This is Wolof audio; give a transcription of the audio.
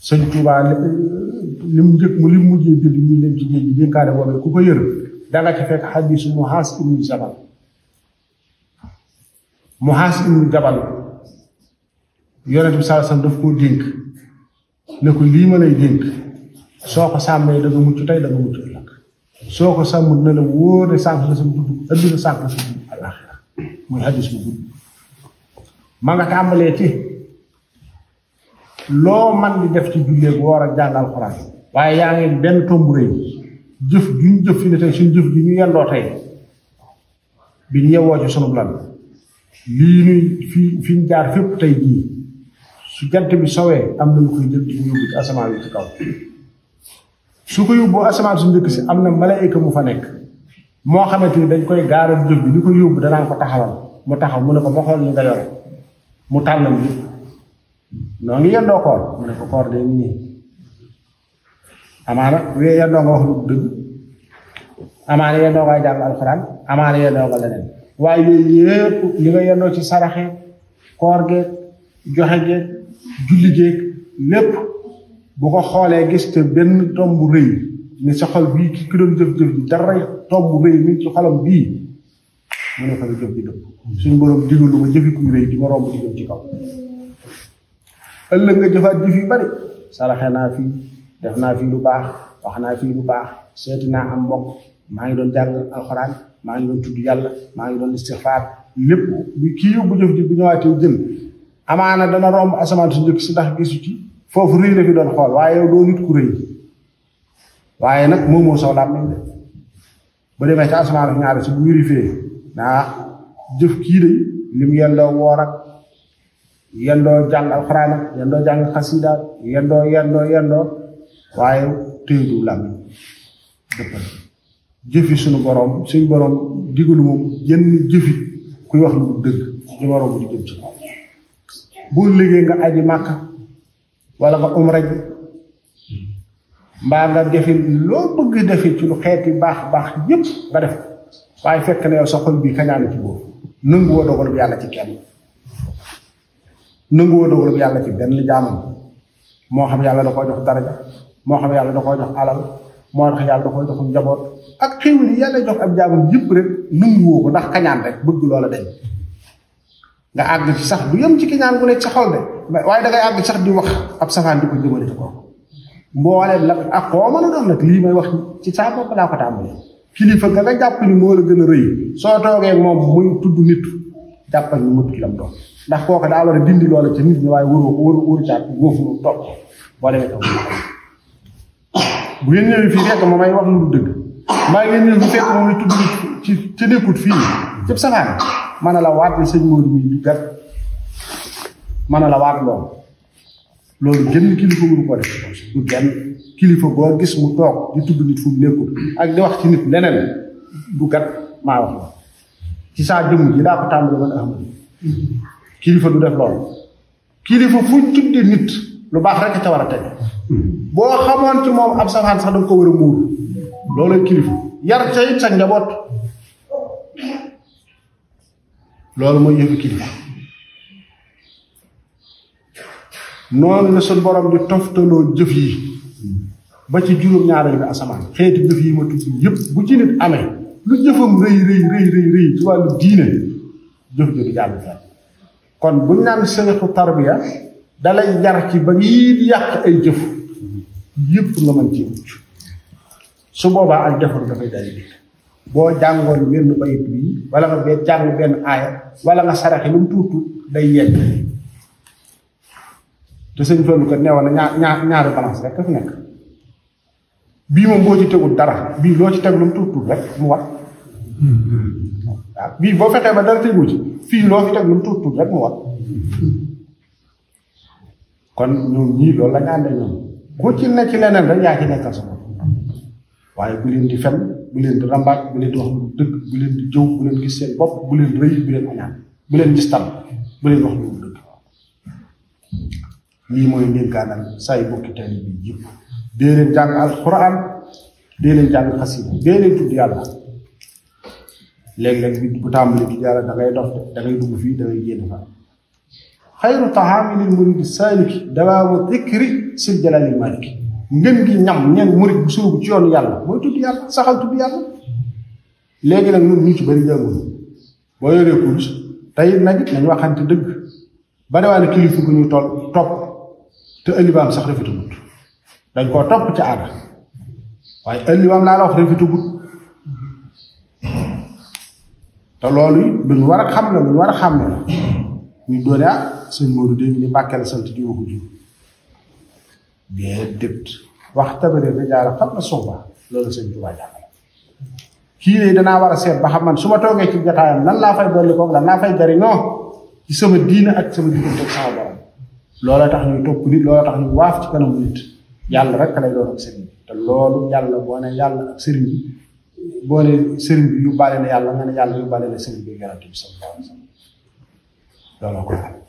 sëñ Tuubaa li mu jëkk mu li mu mujjee bind ñu leen ci géej gi dénkaane boobu ku ko yër danga ci fekk xadiisu Muhaas ibnu Jabal mu Muhaas ibnu Jabal yonent bi saa alayhi daf koo dénk ne ko lii ma lay dénk soo ko sàmmee da nga mucc tey da nga mucc ëllëg soo ko sàmm na la wóor ne sànq la sa dund adduna sànq la sa dund alaaxira muy xadiis bu gudd ma nga tàmbalee ci loo man di def ci jullee bu war a jàng alxuraan waaye yaa ngi benn tomb jëf gi ñu jëf fi ne tey suñ jëf gi ñu yendoo tey bi ñu yewoo ci sunu lan lii nuy fi fi ñu jaar fépp tey jii su jant bi sowee am na lu koy jël di yóbbu ci asamaan yi su ko njëkk si am na malaayika mu fa nekk moo xamante ni dañ koy gaaral jëf bi li ko yóbbu danaa ko taxawal mu taxaw mu ne ko ma xool li nga yore mu tànnam bi noo ngi yendoo koor mu ne ko koor de nii amaana wee yendoo nga wax dëgg amaana yendoo ngay jàng alxuraan amaana yendoo nga leneen waaye yooyu yëpp li nga yendoo ci saraxe koor geeg joxe geeg julli geeg lépp bu ko xoolee gis te benn tomb rëy ni sa xol bii ki ki doon jëf-jëf bi dara tomb rëy ni ci xolam ne jëf bi rëy di ma romb di jëm ëllëg nga jëfaat jëf yu bari saraxe naa fii def naa fii lu baax wax naa fii lu baax seeti naa am mbokk maa ngi doon jàng alxuraan maa ngi doon tudd yàlla maa ngi doon istixfaar lépp bu kii yóbbu jëf ji bu ñëwaatee jën foofu rëy la doon xool waaye ku rëy waaye nag moom moo soxlaam de ba demee ci asamaan ñaari si bu wérifee naa jëf kii de lim yàlla woor yendoo jàng alxuraan ak yendoo jàng xasida ak yendoo yendoo yendoo waaye tëydu làmmiñ dëppal jëfi suñu borom suñu borom digalu moom yenn jëfi kuy wax lu dëgg bu di liggéey nga aji màkka wala nga umra ji mbaa nga defi loo bëgg defi ci lu xeeti baax baax yépp nga def waaye fekk na yow sa xol bii kañaanu ci boobu nangu woo dogal bi yàlla ci kenn nanguwoo dogalub yàlla ci benn jaamam moo xam yàlla da koo jox daraja moo xam yàlla da koo jox alal moo tax yàlla da koo jox njaboot ak xéwal yi yàlla jox ab jaamam yëpp rek nanguwoo ko ndax kañaan rek bëgg loola dem nga àgg ci sax du yem ci kañaan gu nekk sa xol de waaye da ngay àgg sax di wax ab safaan di ko jëmale ci kooku mbooleem la ak koo mën a doon nag lii may wax ci saa bopp laa ko tàmbalee kilifa nga nga jàpp ni moo la gën a rëy soo toogee moom muy tudd nit jàppal ni mu tudd lam doon ndax kooku daa war a dindi loola ci nit ñi waaye wóoroo wóor wóorucaat góofu mu topp boo demee topp bu ngeen ñëwee fii fekk ma may wax lu dëgg maa ngeen ñëw bu fekk moom tudd ci ci nekkut fii cëpp safaan ma ne la waat ne sëñ Modou muy du gat ma ne la waat loolu loolu genn kilifa mënu ko def du genn kilifa boo gis mu toog di tudd nit fu mu nekkut ak di wax ci nit leneen du gat maa wax la ci saa jëmm ji daa ko tàmbali man Ahmadu kilifa du def loolu kilifa fuñ tudde nit lu baax rek ca war a teg boo xamoon ci moom ab sax danga ko war a muur loolay kilifa yar ca it sa njaboot loolu mooy yëfu kilifa noonu la suñ borom di toftaloo jëf yi ba ci juróom-ñaareelu asamaan xeeti jëf yi ma tudd yëpp bu ci amee lu jëfam rëy rëy rëy rëy rëy ci wàllu diine jëf jëf jàll kon bu ñaan sëriqu tarbiya dalay yar ci ba ngi di yàq ay jëf yëpp nga mën ci mucc su boobaa ak defaru dafay daal di boo jàngoon wenn bayit bi wala nga bee jàng benn aaya wala nga saraxi lu mu tuutu day yegg te sëñ Fallu ko neewoon na ñaar ñaar ñaari balance rek ka fi nekk bii moom boo ci tegul dara bii loo ci teg lu mu tuutu rek mu wax bi bo boo ba dara tegu ci fi lo fi teg lu tut tut rek mu wax kon ñoom ñii lo la nga ñoom ko ci ci leneen ci nekkal sama waye bu leen di fem bu leen di rambaaj bu leen di wax lu dëgg bu leen di jëw bu leen gis seen bop bu leen reuy bu leen ñaan bu leen gis tam bu leen wax lu dëgg say bokki tan bi leen jang alquran leen jang leen tuddi léeg-léeg bi bu tàmbali ci yàlla da ngay dox da dugg fii da ngay génn fa xayru tahaami lil muridi saaliki dawaabu dikri sil jalali maliki ngën gi ñam ñeen murid bu surubu ci yoonu yàlla mooy tudd yàlla saxal tudd yàlla léegi nag ñun ñu ci bëri jàngul boo yoree kurus tey nag nañ waxante dëgg bariwaale kilifa gu ñu toll topp te ëllibaam sax rafetugut dañ koo topp ci aada waaye ëllibaam laa la wax rafetugut te loolu lu ñu war a xam ne lu ñu war a xam ne la muy doone ah sëñ Modou de ñu ni Mbàkke la sant di waxu diw bee dëpt wax tabare na jaara xam na suuba loolu sëñ Tuubaa jàngale kii ne danaa war a seet ba xam man su ma toogee ci jotaayam lan laa fay dolli koog lan laa fay jariñoo ci sama diina ak sama diggante ak sama borom loola tax ñuy topp nit loola tax ñuy waaf ci kanamu nit yàlla rek lay doon ak sëriñ bi te loolu yàlla boo ne yàlla ak sëriñ bi boo ne sëriñ bi yóbbaale na yàlla nga ne yàlla yóbbaale na sëriñ bi yonent bi sallallahu alayhi wa sallam ko